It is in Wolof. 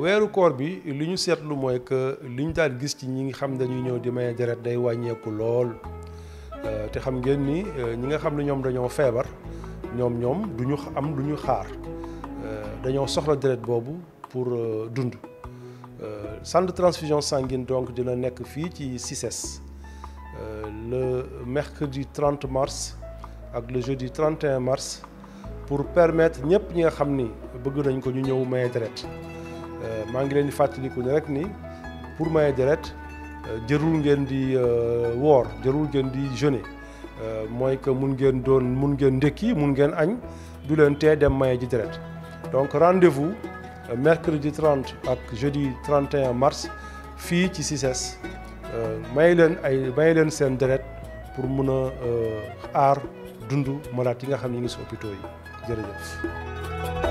weeru koor bi li ñu seetlu mooy que li ñu daan gis ci ñi nga xam dañuy ñëw di maye deret day wàññeeku lool euh, te xam ngeen ni euh, ñi nga xam ne ñoom dañoo feebar ñoom ñoom du ñu am du ñu xaar euh, dañoo soxla deret boobu pour dund centre de transfusion sanguine donc dina nekk fii ci CICES le mercredi 30 mars ak le jeudi 31 mars pour permettre ñëpp ñi nga xam ni bëgg nañ ko ñu ñëw maye deret Euh, maa ngi leen di fàttaliku ne rek ni pour maye deret euh, jërul ngeen di euh, woor jërul ngeen di jeûner mooy que mun ngeen doon mun ngeen ndékki mun ngeen añ du leen tee dem maye ji deret donc rendez-vous mercredi 30 ak jeudi 31 mars fii ci CICES may leen ay may leen seen deret pour mun a aar dund malaat yi nga xam ne ñu ngi si hôpitaux yi jërëjëf